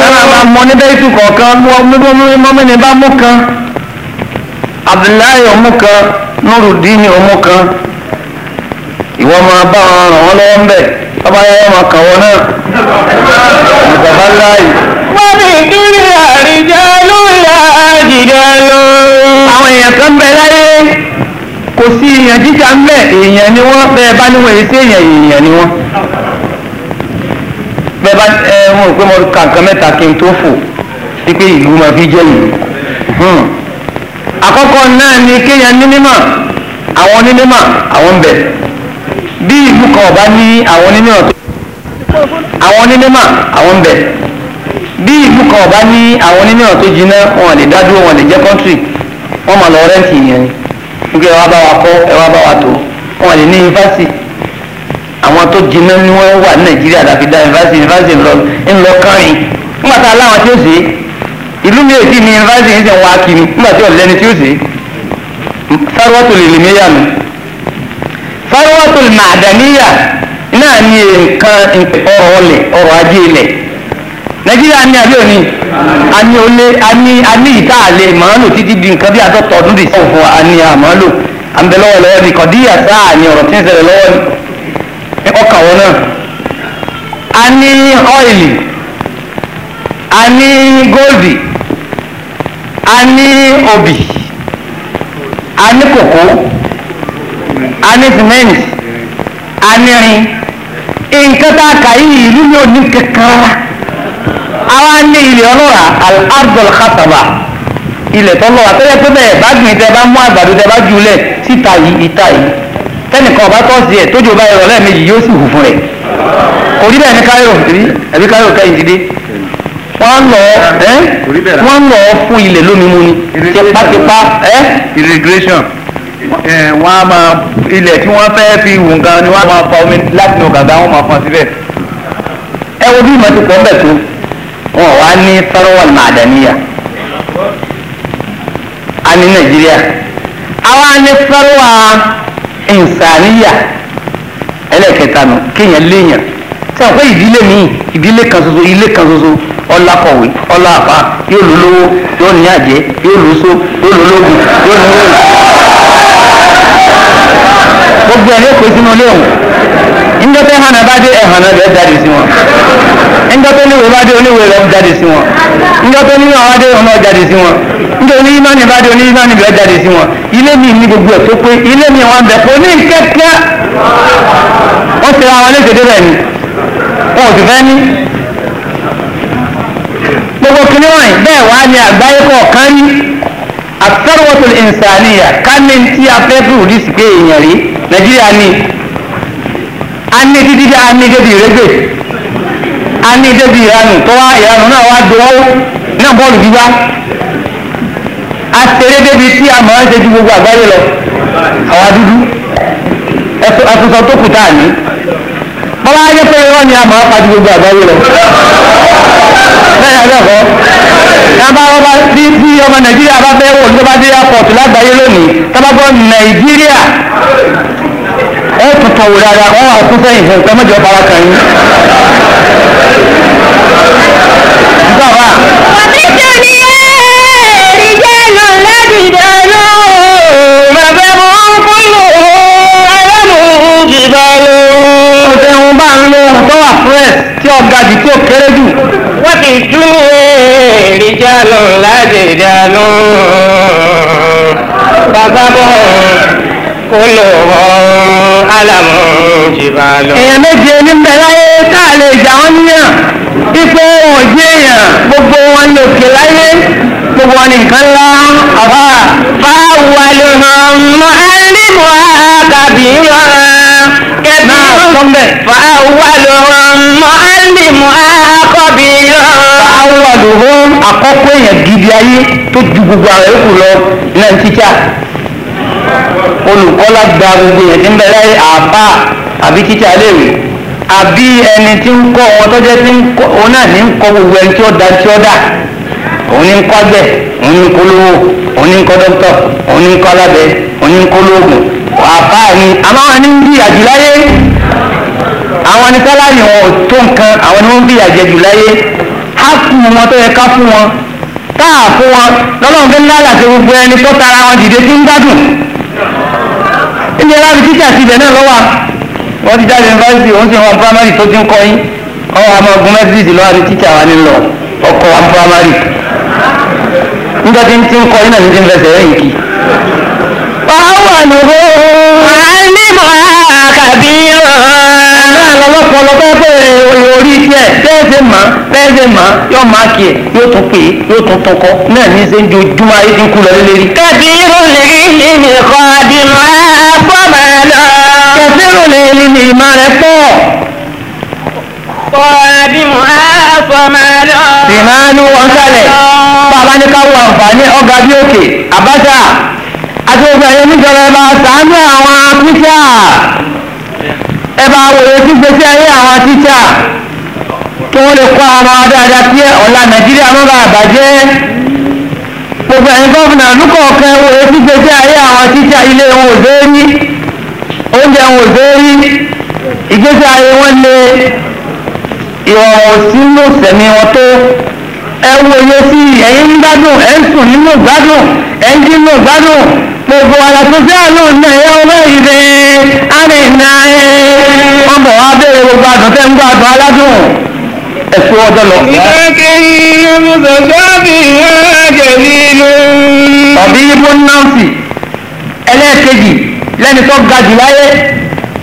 tẹ́lá máa mọ ní bẹ́ẹ̀tù kọ̀ọ̀kan mọ́mọ́mọ́mọ́mọ́ni bá mú kan Abdullahi ọmú kan Nurudini ọmú kan ìwọ máa bá wọn ràn wọn lọ́wọ́ ń bàbá yẹn máa kàn náà bàbá láàyè. wọ́n ní ìdúró àríjẹ́ ṣìdá lọ. àwọn èèyàn kan bẹ láyé kò sí èèyàn jíjà ń bẹ ni bá èyí sí ni bá ẹ wọn ò pé mo nǹkan kí fi hmm. àkọ́kọ́ náà ni kéèyàn ní àwọn àwọn ń kan ní àwọn àwọn àwọn ń bí ìlú kan ọba ní àwọn onímọ̀ tó jiná wọn lè dádúró wọn lè jẹ́ kọ́ńtì wọn máa lọ rẹ́ǹtì yẹn ni nígbà ẹ wá bá wa kọ́ ẹ wá bá wa tó wọn lè ní yunifásitì àwọn tó jiná ni wọ́n wà ní nàìjíríà láfi dá yunifásitì yunifásitì ńlọ ńlọ kánrin nígbà tá a láwọn tí ó ṣe ìlú mi ò tí ní yunifásitì ń sẹ̀ wọ́n á kiri nígbà tí ọ̀lẹ́ni tí ó ṣe fárúwátò lè lè méyà mi fárúwátò lè màdàníyà náà ní nǹkan ọrọ̀ ọlẹ̀ ọrọ̀ ajé ilẹ̀ nàìjíríà ní àbí òní àní olé àní àní ìta àlè màálù títí di nǹkan bí àtọ́tọ̀ ọdún dì sọ̀rọ̀ fún àní àmàálù àǹbẹ̀ lọ́wọ́ lọ́wọ́ ni kọ̀díyà sáà ni ọ̀rọ̀ tí ń ṣẹlẹ̀ lọ́wọ́ ni ọkà wọn náà àní ọ́ìlì àní góòdì àní obì àní kòkó àní sìmẹ́ǹtì àní rin nǹkan tá a kà yìí ìlú mi ò ní kankan àwa ní ilẹ̀ ọlọ́ra al-ardul khataba ilẹ̀ tọ́lọ́ra tẹ́lẹ̀ pé bẹ́ẹ̀ bá gbìn tẹ́ bá mú àgbàdo tẹ́ bá júlẹ̀ síta yìí ìta yìí tẹ́nìkan ọba tọ́sí ẹ̀ tójú ọba ẹ̀rọ lẹ́ẹ̀mejì yóò sì hù fún rẹ̀ kò rí bẹ́ẹ̀ ní káyọ̀ tìrí àbí káyọ̀ kẹ́yìn ti dé wọ́n lọ ẹ́ wọ́n lọ fún ilẹ̀ lómi mu ni tipátipá ẹ́. irrigation wọ́n á máa ilẹ̀ tí wọ́n fẹ́ fi wù nǹkan ni wọ́n á máa fa omi láti nù gàgà wọ́n máa fọn síbẹ̀. ẹ wo bí ìmọ̀ ti pọ̀ bẹ̀ tó wọn wá ní sọ́rọ́wọ́n màdàníyà a ní nàìjíríà àwa ní sọ́rọ́wọ́ ìnsàníyà ẹlẹ́kẹta nù kéèyàn léèyàn tí àwọn ìdílé mi ìdílé kan ṣoṣo ilé kan ṣoṣo ọlá kọ̀wé ọlá àfa yóò lò lówó yóò ní àjẹ yóò lò só yóò lò lóògùn yóò ní wọ́n gbogbo ẹ̀ ní òkè sínú ilé ọ̀hún níjọ́ tó hànà bá dé ẹ̀hànà rẹ̀ jáde sí wọn níjọ́ tó níwèé bá dé oníwèé rẹ̀ jáde sí wọn níjọ́ tó níwèé bá dé ọmọ jáde sí wọn níjọ́ oní ìmánì bá dé oní ìmánì rẹ̀ jáde sí wọn ilé mi ní gbogbo ẹ̀ tó pé ilé mi wọn bẹ̀ kó ní kẹ́kẹ́ wọ́n ti ra wọn léṣe débẹ̀ ni wọn ò sì fẹ́ ní gbogbo kìnní wọ̀nyí bẹ́ẹ̀ wá ní àgbáyé kọ̀ọ̀kan ní àtàrọ̀wọ̀tò ìnsàníyà ká ní tí afẹ́fẹ́ òdì sí pé èèyàn rí Nàìjíríà ní Ani ní títí dá a ní Ani ìrẹ́gbẹ̀ a ní débi ìranù tó wá ìranù náà wá gbowó náà bọ́ọ̀lù gbígbá a ṣeré débi tí a máa ń ṣe ju gbogbo àgbáyé lọ àwa dúdú ẹ̀sùn tó kù tá a ní bọ́lá ayé pé irọ́ ni a máa pa ju gbogbo àgbáyé lọ bẹ́ẹ̀ ni ọ̀gọ́ tábà wọ́n bá bí bí ọmọ nàìjíríà bá fẹ́ wò ní tó bá dé airport lágbàáyé lónìí tábà nàìjíríà ẹ tún tàwò dáadáa wọn wà tún sẹ́yìn fún ìpẹ́ mọ́jọ bára kan yín. bàbá àkọ́kọ́ èèyàn gidi ayé tó ju gbogbo àwọn yòókù lọ náà tíjà olùkọ́ lágbà gbogbo èèyàn tí ń bẹ láyé àbá àbí tíjà léèrè àbí ẹni tí ń kọ́ wọn tọ́jẹ́ tí ń kọ́ òun náà ní ń kọ́ da tí ó dà òun ní ń kọ́ àgbẹ̀ òun ní ń òun ní ń kọ́ òun ní ń kọ́ alábẹ́ òun ní ń kọ́ àbá àákù wọn tó yẹ ká fún wọn táà fún wọn lọ́lọ́run fẹ́ lálà sí gbogbo ẹni tó tara wọn dìde tí ń gbádùn ilé láti títà sí ibẹ̀ náà lọ́wọ́ wọ́n ti jáde yunifásitì òun ti wọn primary tó ti ń kọ́ yín ọwọ́ àmọ́ ogun mẹ́sídìí lọ́wọ́ àti títà wa nílò ọkọ̀ wa primary nígbà tí ń ti ń kọ́ yín náà ní ti ń fẹsẹ̀ rẹ̀ yìí kì. wàá wà lóhùn. wàá ní mọ̀ á kàbí rán lọ́pọ̀ lọ bẹ́ẹ̀ bẹ́ẹ̀ orí tiẹ̀ tẹ́ẹ̀sì mọ́ tẹ́ẹ̀sì mọ́ yóò máa kì í yóò tún pè é yóò tún tọkọ náà ní ṣe ń di ojúmọ́ ayé ti kú lọ lélẹ́rí. kẹ́bírù lè ní nìkan àdìmọ́ ẹ̀kọ́ máa lọ. kẹ́bírù lè ní nìmọ̀ rẹ̀ pọ̀. kọ́ọ̀dìmọ̀ ẹ̀kọ́ máa lọ. ìmánu wọn sálẹ̀ bàbá ní ká àǹfààní ọ̀gá bí ẹba awòye tí gbèsè ayé àwọn tíṣà kí wọ́n lè kọ́ àwọn adáadáa tí ọ̀la nàìjíríà ló bá bàjẹ́ gbogbo ẹ̀yin gọ́vùnà lúkọ̀ọ̀kan òye tí gbèsè ayé àwọn tíṣà ilé wọn ò dé rí oúnjẹ wọn ò dé rí ayé wọn ìrọ̀rùn sẹ̀mí wọn tó ẹ gbogbo àlàtúnṣe àlò náà ẹ̀yà ọmọ ìdè àrìnà ẹ̀ wọ́n bọ̀ wá béèrè gbogbo àdùntẹ́ ń gbàdùn aládùn ẹ̀sùn ọjọ́ lọ. ìdákẹ́ ìyẹ́mùsọ̀sọ́bì ẹ̀jẹ̀ nínú. ọ̀bí ibo nancy ẹlẹ́ẹ̀kejì lẹ́ni tó ga jù láyé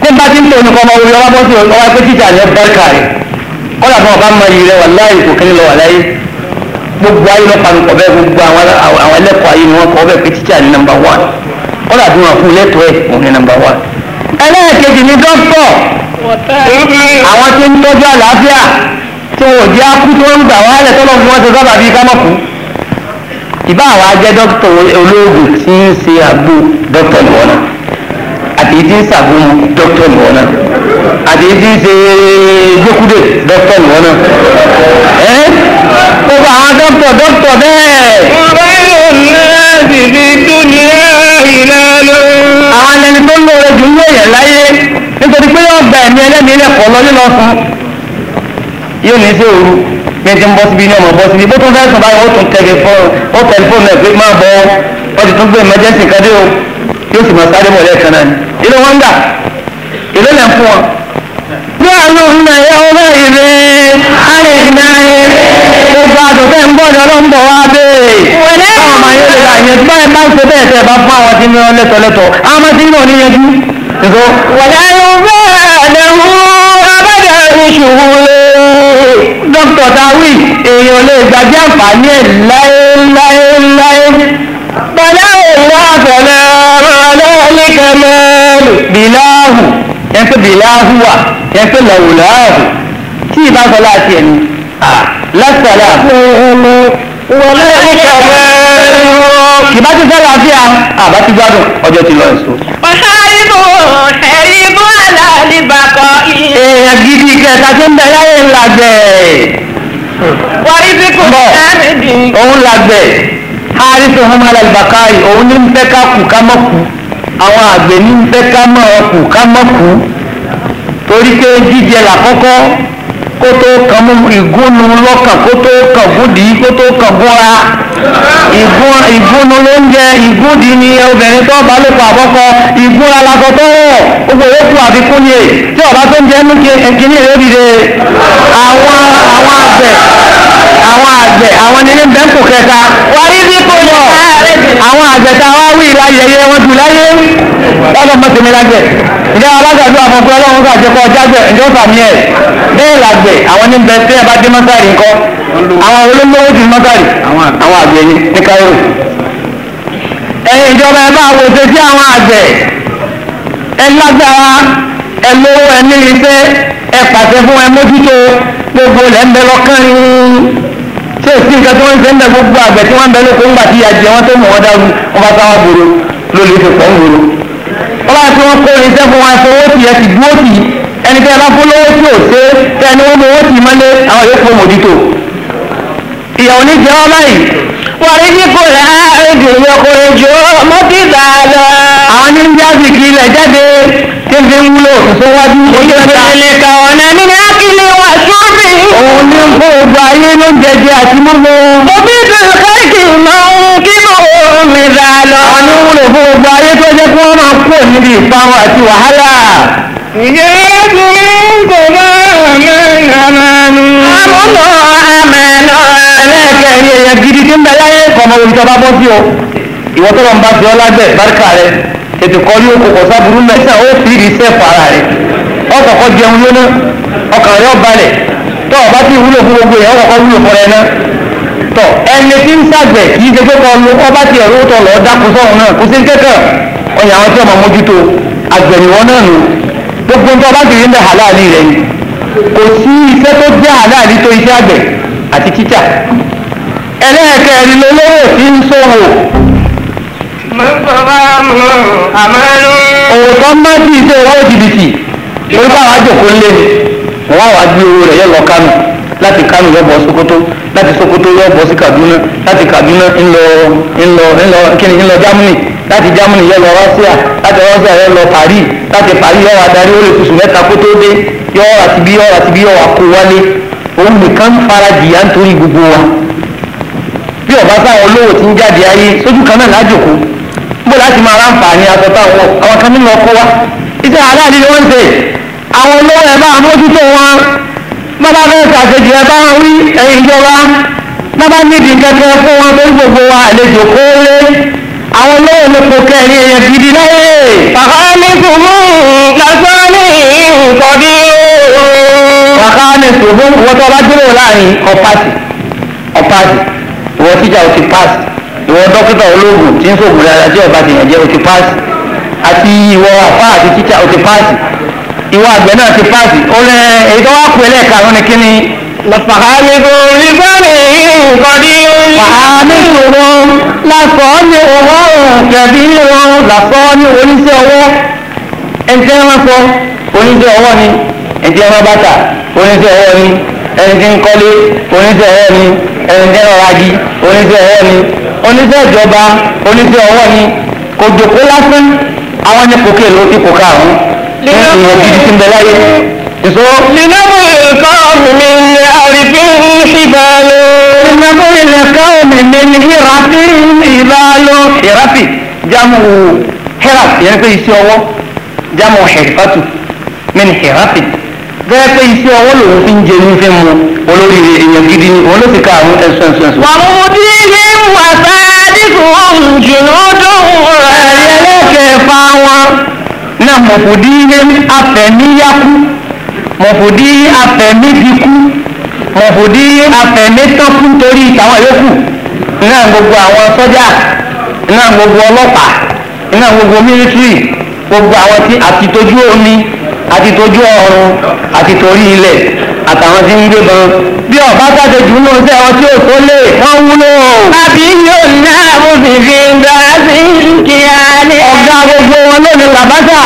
tí bá ti ń tòun kọ́ ọmọ orí ọmọ bọ́sì ọwọ́ ẹgbẹ́ títà ní ẹ̀bẹ́rẹ́kà rẹ̀ kọ́lá fún ọba mọyì rẹ̀ wà láyé kò kíni lọ wà láyé gbogbo ayé lọ́pàá nǹkan bẹ́ẹ̀ gbogbo àwọn ẹlẹ́kọ̀ọ́ ayé ni wọ́n kọ́ ọ bẹ́ẹ̀ títà ní nọ́mbà one kọ́lá bí wọ́n fún lẹ́tọ̀ọ́ ẹ̀ òun ni nọ́mbà wá. ẹlẹ́ẹ̀kejì ni dókítọ̀ àwọn tí ń tọ́jú àlàáfíà tí wọn ò jẹ́ akú tí wọ́n ń gbà wálẹ̀ tọ́lọ́ fún wọn ṣe sábà bíi ká mọ̀kú. ìbá àwa jẹ́ dókítọ̀ olóògùn tí ń ṣe àgbo dókítọ̀ nìwọ̀n náà àti tí ń ṣàgùn dókítọ̀ nìwọ̀n náà àti tí ń ṣe gbókúdè dókítọ̀ nìwọ̀n náà. ẹ gbogbo àwọn dókítọ̀ dókítọ̀ bẹ́ẹ̀. ọ̀rẹ́ ìrọ̀lẹ́ àti ìdúnyẹ́ àwọn ẹni tó lóore jù ní èèyàn láyé nítorí pé yóò gba ẹ̀mí ẹlẹ́mìí lẹ́kọ̀ọ́ lọ nílọ sùn yóò ní sí òru bí ẹni tí ń bọ́ síbi ní ọmọ bọ́ síbi bó tún fẹ́ sùn báyìí ó tún tẹlifóònù ó tẹlifóònù ẹ̀ pé máa bọ́ ó ti tún gbé emergency kan dé o yóò sì máa sáré mọ̀lẹ́ kan náà ni ilé wọn gbà ilé lẹ́ fún wọn. bí àlọ́ ọ̀nà ẹ̀yà ọba ìrè àrè ìnáyẹ gbogbo àtọ̀tẹ̀ ń bọ̀ ní ọlọ́mbọ̀ wá bẹ́ẹ̀ bá ẹ bá ń ṣe bẹ́ẹ̀ tẹ́ bá fún àwọn tí ń lọ lẹ́tọ̀ lẹ́tọ̀ àwọn ń lọ níyanjú. wàlẹ́ ọ̀fẹ́ àdéhùn abájá ìṣòro dókítà tawí èèyàn lè gbàgbé àǹfààní ẹ̀ láéláéláé. bàlẹ́ òwúrọ̀ àfẹ́lẹ́ ọ̀rọ̀ ọlọ́ọ̀lẹ́kẹ̀mẹ́ bìláhù ẹ̀ ń bìláhù wà ẹ̀ ń lọ́wọ́láhù tí ì bá sọ láti ẹ̀ ní. lásìkò àlẹ́ àbúrò. wọ́n kìbá ti sálà sí à àbá ti gbádùn ọjọ́ ti lọ èso. ọ̀sáyìnbó ẹ̀rìnbó alálìbàkọ́ yìí. èèyàn gidi kẹta tó ń bẹ láyé ńlá jẹ. wàrí bí kò sáré di. òun làgbẹ̀ harisu hum alálìbàkọ́ yìí òun ní ń fẹ́ ká kù ká mọ̀ kù àwọn àgbẹ̀ ní ń fẹ́ ká mọ̀ kù ká mọ̀ kù torí pé jíjẹ làkọ́kọ́ kó tó kàn mú ìgúnnu lọ́kàn kó tó kàn gúdì kó tó kàn gúnra ìgún ìgúnnu ló ń jẹ ìgúndì ni obìnrin tó bá lè pa àbọ́kọ ìgún alakọ tó wọ̀ gbogbo yòókù àfikún ni tí ọba tó ń jẹ ní kíní èrè òdìdè àwọn àwọn àgbẹ̀ àwọn àgbẹ̀ àwọn nílé ń bẹ́ńkù kẹta wárí bí kò yọ àwọn àgbẹ̀ tá a wá wí ìlàyẹyẹ wọn jù láyé lọ́dọ̀ mọ́tòmílágbẹ̀ ìjẹ́ alágbàdo àfọ̀kúrẹ́ lọ́wọ́ kàjẹ́kọ̀ọ́ jágbẹ̀ ìjọ́ fàmí ẹ̀ bẹ́ẹ̀ làgbẹ̀ àwọn ní àwọn olólówó ti mọ́tàrì àwọn àgbẹ̀ yìí ní Cairo ẹ̀yin ìjọba ẹ bá wo ṣe sí àwọn àgbẹ̀ ẹ lágbára ẹ lówó ẹ ní iṣẹ́ ẹ pàṣẹ fún ẹ mójútó gbogbo ilẹ̀ ń bẹ lọ́kàn ní ṣé èsì nǹkan tí wọ́n ń ṣe ń bẹ gbogbo àgbẹ̀ tí wọ́n ń bẹ lóko ńgbà tí ìyàjẹ́ wọn tó mọ̀ wọ́n dárú wọn bá sáwọn gbòòrò lórí ìfẹ́ pọ̀ ń gbòòrò. ọlá tí wọ́n kó irinṣẹ́ fún wọn fowó tì ẹ ti dúró tì ẹnikẹ́ni bá fún lówó tí ò ṣe tẹ́ni wọ́n fowó tì mọ́lé àwọn yóò fún mòdìtò ìyà òní jẹ́ ọ́ báyìí. wọ́n ní kò rà ìdùnnú ọkùnrin jù ú mọ́ bí gbà lọ. àwọn ní bí àbíkí ilẹ̀ jáde tí fi ń wúlò síwájú. ìyọ̀lẹ̀ kàwọn náà ní akílé wà sóbì. òun ní kó gbogbo ayé ló ń jẹjẹ àti mímú. òbí dùn káàkiri máa ń kí mi ra lọ. àwọn ní wúlò fún gbogbo ayé tó jẹ́ kí wọ́n máa kú níbi ìparun àti wàhálà. ìyá ẹ̀dùn kò máa mẹ́rin àmàlù. àmọ́ náà ẹlẹ́ẹ̀kẹrin èèyàn gidi tí ń bẹ láyé kọ̀mọ̀ olùjọba bọ́ sí o ìwọ tó lọ́n bá fi ọ́ lábẹ́ báríkà rẹ tètè kọ́ ní okòkò sábúrú mẹ́sàn ó fi ìdí sẹ́ẹ̀fù ara rẹ ọkọ̀kọ́ jẹun lónà ọkàn rẹ ọbalẹ̀ tó ọba tí wúlò fún gbogbo yẹn ọkọ̀kọ́ wúlò fún rẹ náà tọ ẹni tí ń sàgbẹ̀ kì í gẹ́gẹ́ kọ́ ló kọ́ bá tiẹ̀ ló tọ̀ lọ́ọ́ dákú sọ́run náà kò sí kẹ́kẹ́ ọ̀yà àwọn tí ọmọ mójútó àgbẹ̀nìwọ́ náà nù gbogbo nǹkan bá kiri ń bẹ hàlálì rẹ ni kò sí iṣẹ́ tó jẹ́ hàlálì tó iṣẹ́ àgbẹ̀ àti títà ẹlẹ́ẹ̀kẹ́rin lolówó tí ń ṣòwò. òwò kan má sí iṣẹ́ owó jìbìtì lórí báwa jòkó lé wọn àwọn agbé owó rẹ̀ yẹ lọ kánò láti kánò yọ bọ Sókótó láti Sókótó yọ bọ sí Kaduna láti Kaduna ńlọ ńlọ ńlọ kíni ńlọ Germany láti Germany yọ lọ Russia láti Russia yọ lọ Paris láti Paris yọ wà darí ó lè kùsùn mẹ́ta kó tó dé yọ wà síbí yọ wà síbí yọ wà kó wálé òun nìkan fara jìyà nítorí gbogbo wa bí ọba sáwọn olówó ti ń jáde ayé sójú kan náà lájòkó níbo láti máa ráǹfààní aṣọ táwọn àwọn kan nínú ọkọ wa iṣẹ́ aláàlú ni wọ́n ń ṣe àwọn olówó ẹ̀ bá àmójútó wọn bábá fẹ́ẹ́ ṣàṣejì ẹ̀ bá wọn wí ẹ̀yìn ìjọba bábá nídìí kẹ́kẹ́ fún wọn lórí gbogbo wa àlejò kóore àwọn olówó ló kó kẹrin èèyàn gidi láyé. àkàlẹ́ kò mú lásán ní ìkọ́dí ooo wàhánì ṣùgbọ́n wọ́n tó bá dúró láàrin ọ̀páàsì ọ̀páàsì ìwọ tíjà o ti paasi ìwọ dókítà ológun tí ń sògùn rẹ àti ọba ti yànjẹ o ti paasi àti ìwọ àfa àti tíjà o ti paasi ìwọ àgbẹ̀ náà ti paasi ó lẹ èyí tó wá pè lẹ́ẹ̀karùn ni kíni. lọ́pàáyé kò rí bẹ́ẹ̀ ìkọ́dí orí. fàámi ìṣòro lásán ní owó kẹ̀bí lásán ní oníṣẹ́ ọwọ́ ẹ̀ńtẹ́ ni ẹ̀ńtẹ́ wọn oníṣẹ́ ọwọ́ ni ẹni tí ń kọ́lé oníṣẹ́ ọwọ́ ni ẹni tí ń rajì oníṣẹ́ ọwọ́ ni oníṣẹ́ ìjọba oníṣẹ́ ọwọ́ ni kò jòkó lásán àwọn ní kòkè ló ipò karùn-ún ní ìwọ̀n gidi ti ń bẹ láyé. لنبر القوم من عرف حبال لنبر القوم من هرف حبال هرف جمع هرف يعني في سيوه جمع حرفة من هرف bẹ́ẹ̀ pé iṣẹ́ ọwọ́ lòun fi ń jẹ ní fẹ́ mu olórí èèyàn gidi ni òun ló fi ka àwọn ẹ̀sùn ẹ̀sùn ẹ̀sùn. wàá mú bí ilé jùlọ dùn rẹ̀ ẹlẹ́kẹ̀ẹ́fà wọn. náà mọ̀fòdì ilé afẹ̀míyákú afẹ̀mídìkú afẹ̀mítọ́kú torí ìtàwọn yòókù náà gbogbo àwọn sọ́jà náà gbogbo ọlọ́pàá náà gbogbo mílítírì gbogbo àwọn omi àti tójú ọ̀run àti torí ilẹ̀ àtàwọn tí ń gbé ban bí ọba sáde jù náà sẹ ọtí òkó lè wọn wúlò. àbí yóò ná mo sì fi gbà sí kíáni. ọ̀gá gbogbo wọn lónìí làbáṣà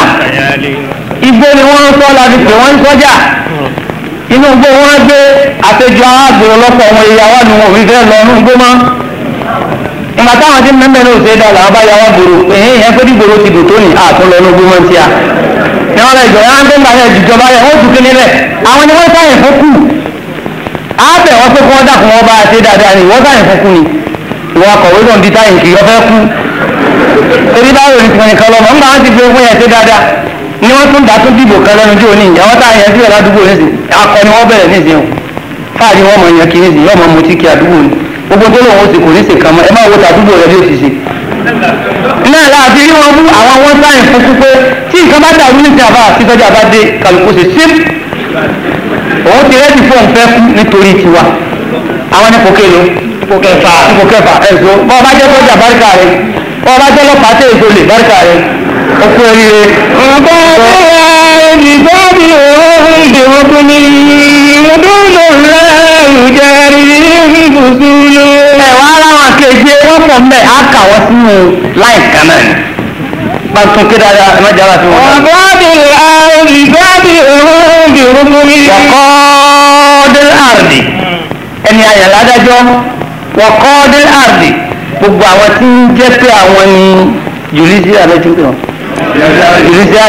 igbó ni wọ́n ń sọ láti pè wọ́n ń sọ́jà inú igbó wọn gbé àtẹjọ aráàgbèrè lọ́pọ̀ wọn ìyàwó ni wọn ò fi fẹ́ lọ inú igbó mọ́. ìgbà táwọn tí mẹ́mẹ́ náà ṣe dá làwọn gbòòrò èyí ìyẹn dìgbòòrò ti dò tó ní àtúnlọ́nú igbó mọ́ ti à. na lọ ìjọba ń gbẹ́ngbà rẹ̀ mba rẹ̀ wọ́n dùn nílẹ̀ àwọn ni wọ́n sáyìn fún kù á wọ́n pé kí a ṣe dáadáa ni wọ́n sáyìn fún kù ni ìwọ akọ̀wé náà di táyìn kì í ọ̀fẹ́ kú torí báwo ni tìmọ̀ nìkan lọ́mọ nígbà wọn ti fi ogún yẹn ṣe dáadáa ni wọ́n tún dá dìbò kan lẹ́nu jóò ní yẹn síbẹ̀ ládùúgbò wọn náà láti rí wọn mú àwọn wọn sáyìn fún pípé tí nǹkan bá dàrú ní ìjàmbá àti ìtọ́jú àbádé kàlùkù ṣe sí òun ti rẹ́dì fún òun kú nítorí tiwa àwọn ní kòkèlò ipò kẹfà ipò kẹfà ẹ̀sọ́ jẹ́ sọ́jà báríkà rẹ bọ́ ọba jẹ́ ọlọ́pàá tẹ̀ èso lè báríkà rẹ ọkọ oríire. ọba ọba ìgbàdí òun ìdìbò tó ní ìdúró lọ́rùn jẹ́rìí ìbùsùn pọ̀ mbẹ́ á kà wọ́n sínú láì kan náà ni pàtó kí dáadáa ẹ má jẹ́ àlàfin wọn. ọ̀gá bí àrùn ìgbà bí òun bí orúkú mi. wọ́kọ́ọ́dún àrùn ẹni àyàlá dájọ́ wọ́kọ́ọ́dún àrùn gbogbo àwọn tí ń jẹ́ pé àwọn ni jùlísíà lọ́jọ́ pé wọ́n jùlísíà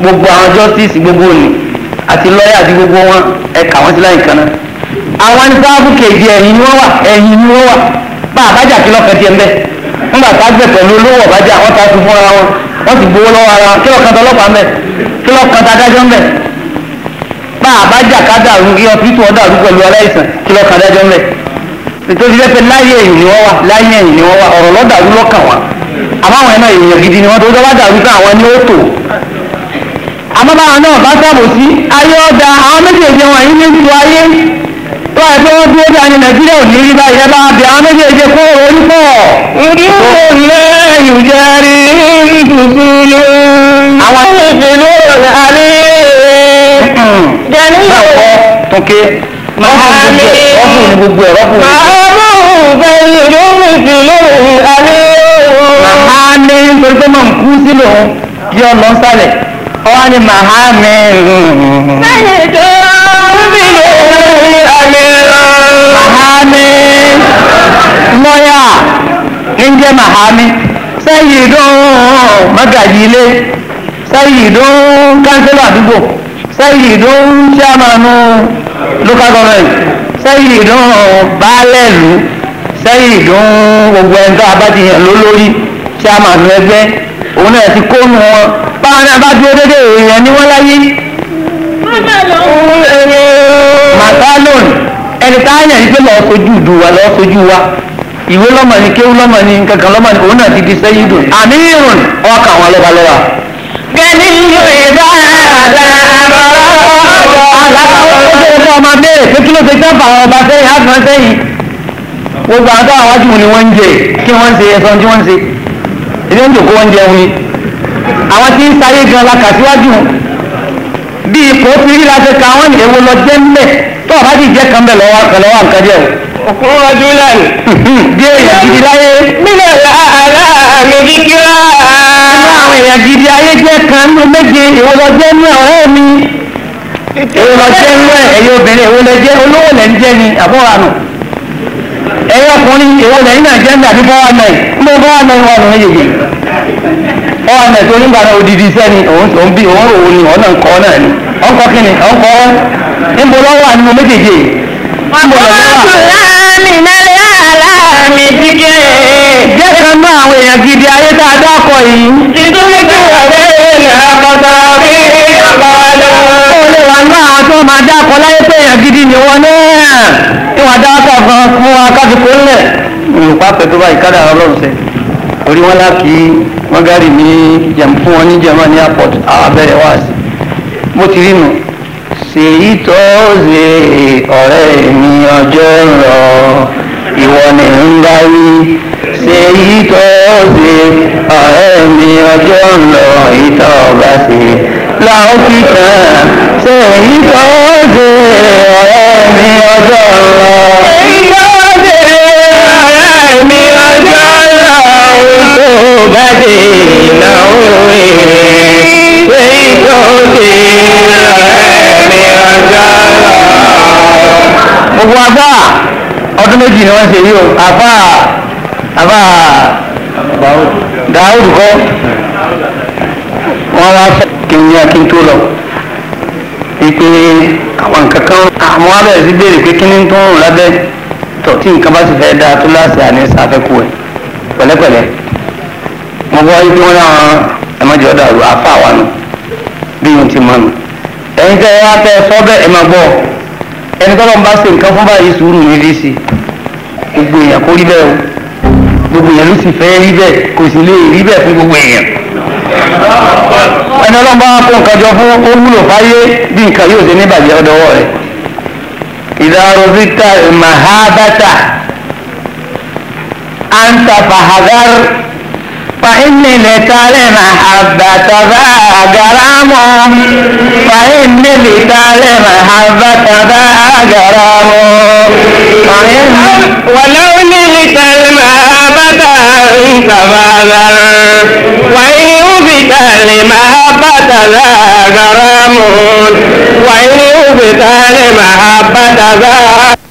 gbogbo àwọn justice gbogbo ni àti lọ́yà àti gbogbo wọn ẹ̀ka wọn sí láyìn kan àwọn ní sábà kejì ẹ̀yìn ni wọ́n wà ẹ̀yìn ni wọ́n wà àbájá kí lọ́kàn tiẹ̀ ń bẹ́ ńgbà tá a gbẹ pẹ̀lú olówó ọ̀bájá wọ́n ta fún fúnra wọn wọ́n ti gbowó lọ́wọ́ ara wọn kí lọ́kàn tọlọ́pàá ń bẹ́ kí lọ́kàn tadájọ́ ń bẹ́ bá àbájá ká dàrú kí ọtí tó ọ dàrú pẹ̀lú aláìsàn kí lọ́kàn tadájọ́ ń bẹ́ nítorí lẹ́pẹ́ láyé ẹ̀yìn ni wọ́n wà láyé ẹ̀yìn ni wọ́n wà ọ̀rọ̀ lọ́dàrú lọ́kàn wa àmọ́ àwọn ẹ̀nà èèyàn gidi ni wọ́n tó dọ́wọ́ dàrú pé àwọn ni ó tò àmọ́ báwọn náà bá sábò sí ayé ọ̀dà àwọn méjèèjì wọn yìí méjì wáyé tó ẹgbẹ́ wọn dúró bí a nàìjíríà ò ní rí báyìí ẹ bá bẹ àwọn méjèèjì kó orí pọ̀. ìdíwọ̀ lẹ́yìn rí nùdú ló. àwọn ìṣèlú ló rẹ̀ jẹ́ni yóò. tókè màámi ọkùnrin gbogbo ẹ̀rọ kùnrin. màámi bẹ̀rẹ̀ ló ń fi lóhùn alẹ́ òun. màámi nítorí pé màá kú sí yọ lọ sálẹ̀ ọ wá ní màámi. bẹ́ẹ̀ ni tó. lọ́yà ń jẹ́ sẹ́yìn dún mọ́gàjì ilé sẹ́yìn dún kánsílọ̀ àdúgbò sẹ́yìn dún sẹ́mánú local government sẹ́yìn dún baálẹ̀ sẹ́yìn dún gbogbo ẹni tó abájiyàn lólórí sẹ́mánú ẹgbẹ́ òun náà ti kó wọn báwọn náà bá dúró dédé èèyàn ni wọ́n láyé. màtálòn ẹni táyà ní pé lọ́ọ́ sojú ìdù lọ́ọ́ sojú wa ìwé lọ́mọ ni kéwú lọ́mọ ni kankan lọ́mọ ni òun náà ti di sẹ́yìn dùn àmì irun ọkà àwọn lọ́balọ́ba. gẹ́ni yorùbá àdàbọ̀ àlàkàwọ̀ ọjọ́ ìfọ̀ ọmọ béèrè pé kí ló ti tẹ́fà àwọn ọba sẹ́yìn àfihàn sẹ́yìn gbogbo àwọn tó àwájú ni wọ́n ń jẹ kí wọ́n ń ṣe ẹ̀sán tí wọ́n ń ṣe ilé ń dòkó oúnjẹ wọn àwọn tí ń sáyé gan la kà síwájú bí ipò fi rí la ṣe ka àwọn ìyẹ̀wò lọ jẹ́ ńlẹ̀ tó àbájú ìjẹ́ kan bẹ̀ lọ́wọ́ àkàlọ́wọ́ àkàdé ẹ̀ kúrò júlẹ̀ bí èèyàn gidi láyé. mílẹ̀ làálà mi kí kíra. inú àwọn èèyàn gidi ayé jẹ́ kan nínú méje ìwọlọ́jẹ́ ní ọ̀rẹ́ mi. ìwọlọ́jẹ́ nínú ẹ̀yìn obìnrin ìwọlọ́jẹ́ olówó lẹ́ ń jẹ́ ni àbọ̀wá nù. ẹ̀yìn ọkùnrin ìwọlọ́jẹ́ ní nàìjíríà ní àbí bọ́wá náà ń bọ́ bọ́wá náà ń wà lóyè yìí. ọ̀wá náà tó nígbà náà odidi sẹ́ni òun bí òun òun ni ọ̀nà ń kọ́ náà ni ọ̀nkọ́ kíni ọ̀nkọ́ ń bolọ́wọ́ àníwọ̀ méjèèjì jẹ́ kan náà àwọn èèyàn gidi ayé tá a dákọ̀ yìí. ìdúró tí ọ̀rẹ́ ilẹ̀ àkọ́tà bí ọ̀pọ̀ ọ̀dọ́. ó lè wà ní àwọn tí wọ́n máa dákọ̀ láyé pé èèyàn gidi ni wọ́n náà. ìwà dákọ̀ kan fún wa káfí kó lẹ̀. olùkọ́ àpẹ tó báyìí kádà ọlọ́run sẹ́. orí wọn láàkì wọn gárì ní fún wọn ní Germany airport àbẹ̀rẹ̀ wá sí. mo ti rí nù ṣèyí tó ṣe ọ̀rẹ́ mi ọjọ́ rọ ìwọ ni ń bá wí ṣèyí tó ṣe ọ̀rẹ́ mi ọjọ́ rọ ìtọ́ ọba ṣe láwọn kíkan ṣèyí tó ṣe ọ̀rẹ́ mi ọjọ́ rọ. ṣèyí tó ṣe ọ̀rẹ́ mi ọjọ́ rọ gbogbo afá ọdún méjì ni wọ́n ṣe yí o afá afá Dáúdù kọ́ wọ́n wá fẹ́ kí n yá kí n tó lọ wípé àwọn nǹkan kan àwọn abẹ́rẹ́ sí béèrè pé kí ni tó ń rùn lábẹ́ tọ̀ tí nǹkan bá sì fẹ́ dáa tó láti àní sàfẹ́kù ẹ̀ pẹ̀lẹ́pẹ̀lẹ́ mo gbọ́ wípé wọ́n láwọn ẹ̀mọ́jọ́ dàrú afá wa nù bí wọ́n ti mọ̀ nù ẹ̀yin tẹ́ wá tẹ́ sọ bẹ́ẹ̀ ẹ̀ máa gbọ́ ẹni tọ́lọ́ ń bá ṣe nǹkan fún báyìí sùúrù ní ilé sí gbogbo èèyàn kó rí bẹ́ẹ̀ o gbogbo èèyàn ló sì fẹ́ rí bẹ́ẹ̀ kò sì lè rí bẹ́ẹ̀ fún gbogbo èèyàn ẹni ọlọ́run bá kó nǹkan jọ fún ó wúlò fáyé bí nǹkan yóò ṣe níbàjẹ́ ọdọwọ́ rẹ̀ ìdárò vita mahabata anta فإني مثال محبة ذا جرام فإني مثال محبة ذا جرام ولو نهت محبة أنت فاذر وإن يبت محبة ذا جرام وإن يبت محبة ذا